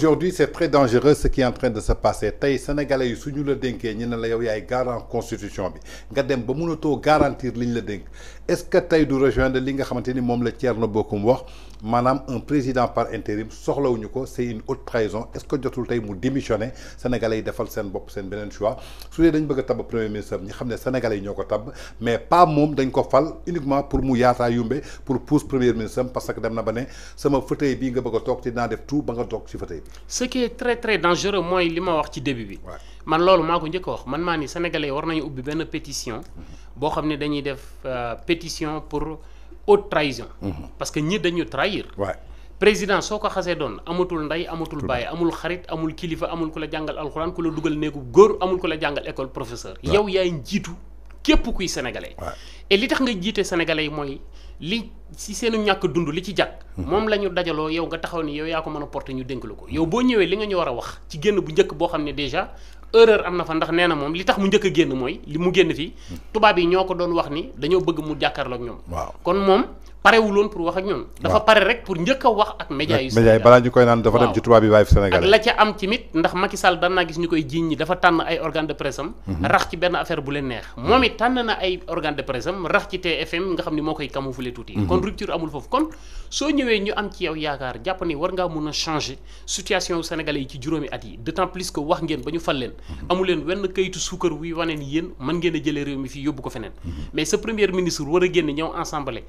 aujourd'hui c'est très dangereux ce qui est en train de se passer Tay sénégalais yi suñu le dénkee ñu ne la yow garant constitution bi nga dem ba mënatoo garantir liñ la est ce que Tay du rejoindre li nga nous ni moom la Thierno Bocoum wax maanaam un président par intérim soxlawu ñuko c'est une haute trahison est ce que jotul tay mu démissionner sénégalais yi defal sen bop sen benen choix su dee dañ bëgg a premier ministre ñi xamné sénégalais ñoko tab mais pas mom dañ ko fal uniquement pour mu yaata yumbé pour pousse premier ministre parce que dem na ba sama fauteuil bi nga bëgg tok ci te def tout ba nga tok ci fauteuil bi. ce qui est très très dangereux mooy li ma wax ci début bi. man lolu mako ko wax man maa ni sénégalais war nañu ubbi ben pétition mhm. bo xamné dañuy def euh, pétition pour haute trahison. Mhm. parce que ñi dañu trahir. président soko ko xasee doon amatul ndey amatul baye, amul kharit, amul kilifa amul kula la jàngal alxuraan ku la dugal amul ku école professeur. yow yaay njiitu képp kuy sénégalais. et li tax nga jiite sénégalais yi li si seenu ñàkk dundu, li ci jag. Mhm. mom la ñu dajaloo yow nga taxaw ni yow yaa ko mën a porter ñu dénk la yow li nga ñu wara wax ci génn bu njëkk bo xam déjà. erreur am na fa ndax nee na moom li tax mu njëkk a génn mooy li mu génn fii hmm. tubaab yi ñoo ko doon wax ni dañoo bëgg mu jàkkaarloog ñoom. waaw kon moom parewuloon pour wax ak ñun. dafa pare rek pour njëkk a wax ak. média yu Sénégal média balaa ñu koy naan dafa dem ci tubaab yi waaye Sénégal. ak la ca am tamit ndax Macky Sall gis ñu koy jiiñ ñi dafa tànn ay organe de presse mhm. rax ci benn affaire bu leen neex. Mhm. moom it tànn na ay organe de presse rax ci TFM nga xam ni moo koy camoufler tuuti. Mhm. kon rupture amul foofu kon soo ñëwee ñu am ci yow yaakaar jàpp ni war ngaa mun a changer situation sénégalais yi ci juróomi at yi d'autant plus que wax leen. amu leen wenn kayitu suukar wuy wane ni yéen mën ngeen a jëlee réew mi fii yóbbu ko feneen mais sa premier ministre war a génn ñëw ensemble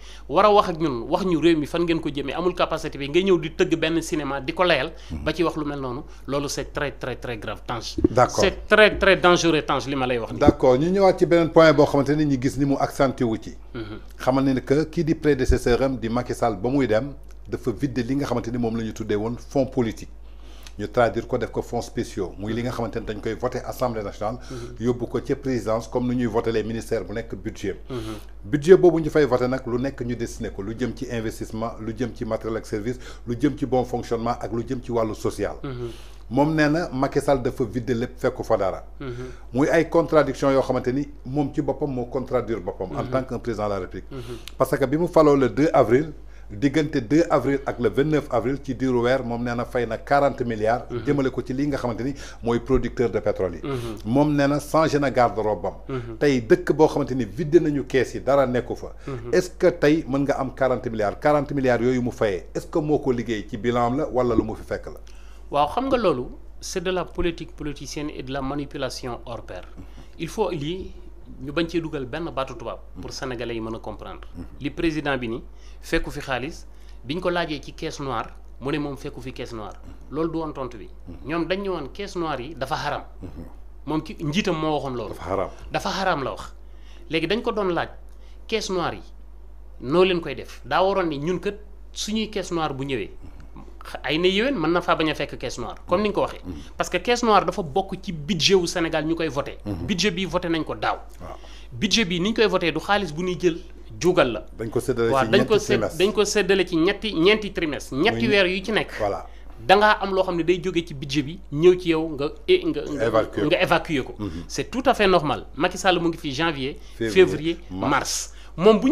wax ak ñun wax ñu réew mi fan ngeen ko jëmee amul capacité bi nga ñëw di tëgg benn cinéma di ko layal. Hmm. ba ci wax lu mel noonu loolu c' est très très très grave Tange. d' accord c' est très très dangereux Tange li ma lay wax. d' accord ñu ñëwaat ci beneen point boo xamante ne ñu gis ni mu accentué wu ci. Hmm. xamal ne que kii di prédécesseur am di Macky Sall ba muy dem dafa vidde li nga xamante ni moom la ñu tuddee woon fonds politique nous traduire ko def ko fonds spéciaux muy li nga xamante ne dañ koy voté assemblée nationale mhm. yóbbu ko ci présidence comme nous ñuy voté les ministères bu le budget mhm. budget boobu ñu fay voté ce que nous ñu destiné ko lu jëm ci investissement lu jëm ci matériel ak service lu jëm ci bon fonctionnement ak lu jëm ci wàllu social mhm. moom nee na Macky Sall dafa vidde le fekku fa dara muy ay contradiction yo xamanteni mom ci bopam mo contradire bopam en tant que président de la République parce que bimu mu le 2 avril diggante 2 avril ak le 29 avril ci diiru weer moom nee 40 milliards. Mhm. jëmele ko ci li nga xamanteni moy producteur de pétrole mom mhm. néna changé na garde-robe mhm. tay dëkk bo xamanteni vidé nañu caisse yi dara nekku fa. est-ce que tay mën nga am 40 milliards 40 milliards yoyu mu fayé est-ce que moko ko liggéey ci bilan la wala lu mu fi fekk la. waaw xam nga lolu c'est de la politique politicienne et de la manipulation hors pair il faut li nous avons fait dugal benn baatu pour sénégalais Le comprendre. Le président Bini ni fekku fi xaalis biñ ko caisse noire caisse noire C'est du tontu bi. Nous dañ fait caisse noire yi dafa haram moom ki njiitam Nous avons dafa la caisse noire caisse noire il na man na fekk caisse noire comme ni ko mm-hmm. parce que caisse noire budget Sénégal ñu koy voté. Mm-hmm. budget bi voté nañ ko budget bi ni ñu koy voté du xaalis bu ñuy jël jugal la. dañ ko trimestre ñetti yu ci da day ci budget bi ci yow tout à fait normal Macky Sall mu janvier. février mars mon bu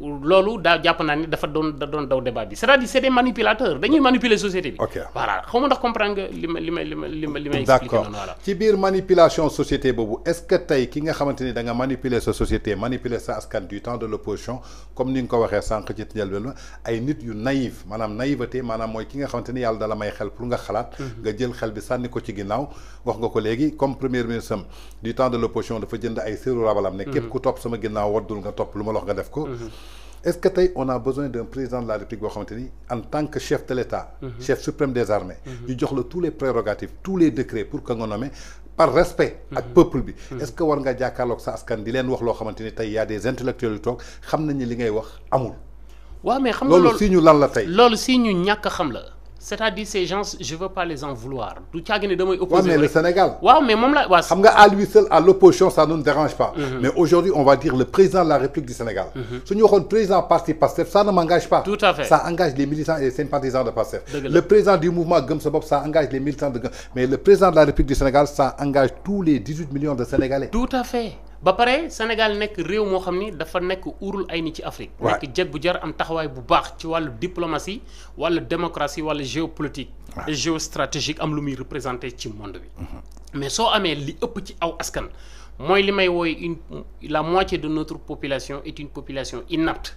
lolu da japp naa ni dafa don da don daw débat bi c'est-à-dire c'est des manipulateurs dañuy manipuler société bi. voilà xaw ndax comprendre nga li ma li ma li ma li voilà ci bir manipulation société bobu est-ce que tay ki nga xamanteni da nga manipuler sa société manipuler sa askan du temps de l'opposition comme ni nga ko waxee sànq ci njëlbeen ay nit yu naïf manam naïveté manam moy ki nga xamanteni yalla yàlla dala may xel pour nga xalat mhm. nga jël xel bi sanni ko ci ginnaw wax nga ko légui comme premier ministre du temps de l'opposition dafa jënd ay séeru rabalam ne mhm. képp ku top sama ginnaw wadul nga top luma wax nga def ko. Mhm est-ce que on a besoin d'un président de la République en tant que chef de l'État mhm. chef suprême des armées mhm. ñu tous les prérogatives tous les décrets pour qu'on par respect mhm. ak peuple est-ce que war nga jàkkaarloog sa askan di a des intellectuels qui ont amul mais c'est-à-dire ces gens je veux pas les en vouloir Oui, ne opposé mais le Sénégal Oui, mais moi... la waaw à lui seul à l'opposition ça ne nous dérange pas mhm. mais aujourd'hui on va dire le président de la République du Sénégal mhm. avons le président parti Pastef ça ne m'engage pas tout à fait ça engage les militants et les sympathisants de Pastef le président du mouvement Gëm ça engage les militants de Gëm mais le président de la République du Sénégal ça engage tous les 18 millions de Sénégalais tout à fait ba pare Sénégal nekk réew mo xamni ni dafa nek ourul ay ni ci Afrique. nek djeg bu jar am taxaway bu bax ci walu diplomatie wàllu démocratie wàllu géopolitique. et géostratégique am lu muy représenter ci monde bi. Mhm. mais so amé li ëpp ci aw askan. moy li may wooy une la moitié de notre population est une population inapte.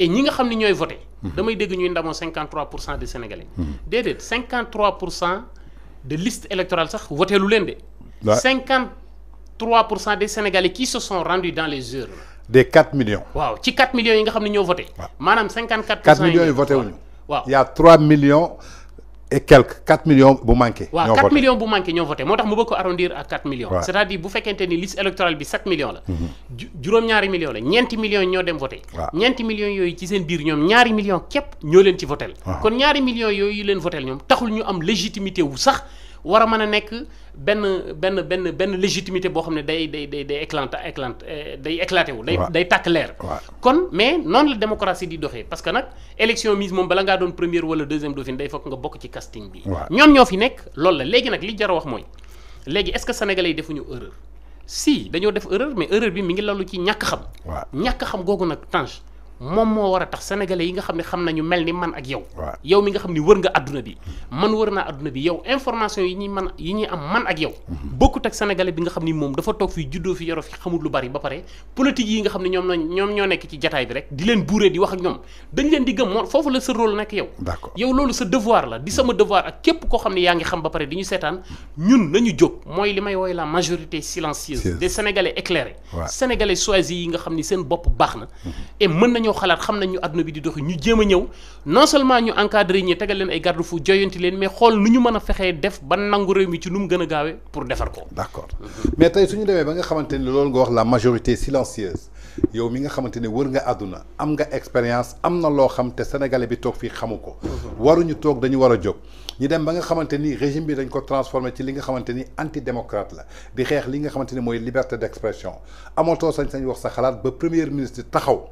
et ñi nga xamni ñoy voter voté. Mhm. damay dégg ñuy ndamo 53 de des sénégalais. Mhm. déedéet 53 de liste électorale sax voté lu leen dé 50 3% des Sénégalais qui se sont rendus dans les urnes. des 4 millions. wow 4 millions ont 54. 4 millions voté il y a 3 millions et quelques 4 millions vous Wow, 4 millions bu voté moi arrondir à 4 millions. c'est-à-dire vous faites une liste électorale de 7 millions la. Mhm. millions millions ñoo ont voté. millions millions voté. millions ont voté légitimité ou ça war a mën a nekk benn benn benn benn légitimité boo xam ne day day day day éclate euh, day éclaté wu. day day tàkk leer. kon mais noonu la démocratie di doxee parce que nag élection mise moom bala ngaa doon première wala deuxième dauphine day fokk nga bokk ci casting bi. ñoom ñoo fi nekk loolu la léegi nag li jar a wax mooy léegi est-ce que sénégalais yi defuñu erreur si dañoo def erreur mais erreur bi mi ngi lalu ci ñàkk xam. ñàkk xam googu nag Tange moom moo war a tax sénégalais yi nga xam ne xam nañu mel ni man ak yow. yow mi nga xam ni wër nga adduna bi. man wër naa adduna bi yow information yi ñuy man yi ñuy am man ak yow. Mhm. bokkut ak sénégalais bi nga xam ni moom dafa toog fii juddoo fi yoroo fi xamul lu bari ba pare politique yi nga xam ne ñoom ñoom ñoo nekk ci jataay bi rek di leen buuree di wax ak ñoom dañ leen di gëm moom foofu la sa rôle nekk yow. d'accord loolu sa devoir la di sama devoir ak képp koo xam ne yaa ngi xam ba pare di ñu seetaan ñun nañu jóg mooy li may woy la majorité silencieuse des sénégalais éclairés sénégalais choisis yi nga xam ni seen bopp baax na mhm. mën nañoo nañoo xalaat xam nañ ñu àdduna bi di doxi ñu jéem a ñëw non seulement ñu encadré ñi tegal leen ay garde fou joyanti leen mais xool nu ñu mën a fexee def ba nangu réew mi ci nu mu gën a gaawee pour defar ko. d'accord mais tey suñu ñu demee ba nga xamante ni loolu nga wax la majorité silencieuse yow mi nga xamante ne wër nga àdduna am nga expérience am na loo xam te sénégalais bi toog fii xamu ko. waruñu toog dañu war a jóg. ñu dem ba nga xamante ni régime bi dañ ko transformé ci li nga xamante ni antidémocrate la di xeex li nga xamante ni mooy liberté d'expression amatoo sañ-sañ wax sa xalaat ba premier ministre taxaw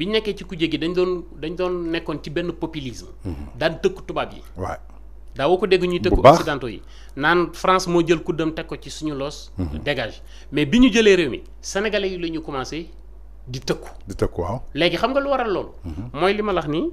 bi nekkee ci kujje gi dañ doon dañ doon nekkoon ci benn populisme. Mhm. daan tëkku tubaab yi. waaw daawoo ko dégg ñuy tëkku occidentaux yi. naan France moo jël kuddam teg ko ci suñu loos. Mhm. dégage mais bi ñu jëlee réew mi sénégalais yi la ñu commencé di tëkku. di tëkku waaw léegi xam nga lu waral loolu. Mhm. mooy li ma lax nii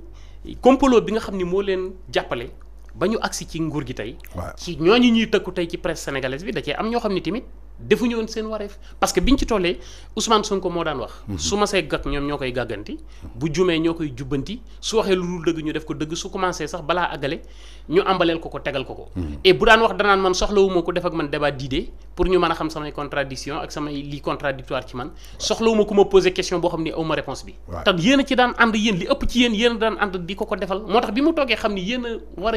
complot bi nga xam ni moo leen jàppale. ba ñu agsi ci nguur gi tey. ci ñooñu ñuy tëkku tey ci presse sénégalaise bi da cee am ñoo xam ni tamit. defuñu woon seen wareef parce que ñu ci tollee Ousmane ko moo daan wax. Mhm. su ma see gàkk ñoom ñoo koy gàgganti. Mhm. bu jumee ñoo koy jubbanti su waxee lu dul dëgg ñu def ko dëgg su commencé sax balaa àggale ñu ambaleel ko ko tegal ko ko. Mhm. bu daan wax danaan man soxlawuma ko def ak man débat d'idées pour ñu mëna xam sama contradiction ak sama li contradictoire ci man soxlawuma kuma poser question bo xamni ne ma réponse bi tam yéen ci daan and yéen li ëpp ci yéen yéen daan and di ko ko defal motax tax bi mu toogee xam ni yéen a war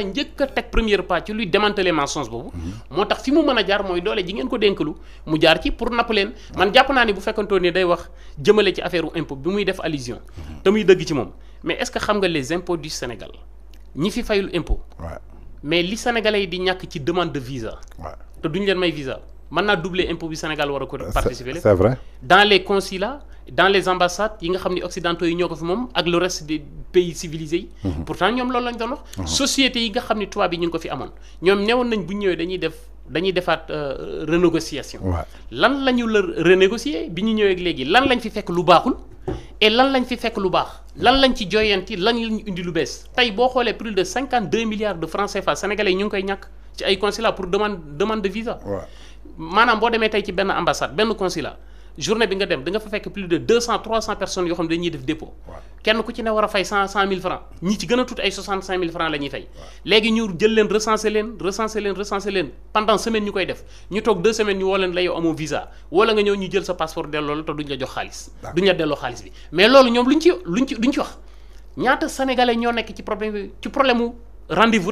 première pas ci luy démanteler mensonge boobu mhm. moo tax fi mu mën jaar moy doole ji ngeen ko dénkalu mu jaar ci pour napp leen man japp naa ni bu fekkantoo ni day wax jëmale ci affaire impôt bi muy def allusion mhm. te muy dëgg ci mom mais est-ce que xam nga les impôts du Sénégal ñi fi fayul impôt mais li sénégalais yi di ñàkk ci demande de visa te duñ leen may visa mën naa doubler impôt bi Sénégal war ko participer c'est vrai dans les consulats dans les ambassades yi nga xam occidentaux yi ñoo ko fi ak le reste des pays civilisés mhm. pourtant ñoom loolu lañ doon mhm. société yi nga xam ni bi yi ñu ngi ko fi amoon ñoom newoon nañ bu dañuy def dañuy defaat euh, renégociation lan la ñu la renégocier bi ñu ñëwee léegi lan lañ fi fekk lu baaxul et lan lañ fi fekk lu baax lan lañ ci joyanti lan lañ indi lu bees tey boo xoolee plus de 52 milliards de francs CFA sénégalais ñu ngi koy ñàkk ci ay consulats pour demande demande de visa manam bo demee tay ci ben ambassade Ben consulat journée bi nga dem da nga fa plus de 200-300 personnes yo ont dañuy def dépôt kenn ku ci fay francs ñi ci gëna a ay francs lañuy fay légui ñu jël leen leen leen pendant semaine ñukoy def ñu tok deux semaines ñu woo leen visa wala nga ñu jël sa passeport duñ jox duñ mais loolu ñom luñ ci luñ ci duñ ci wax ñaata sénégalais ñoo ci problème ci problème rendez-vous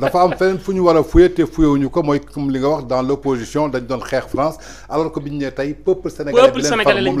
La femme, lañu yow dans l'opposition France alors que biñ peuple sénégalais peuple sénégalais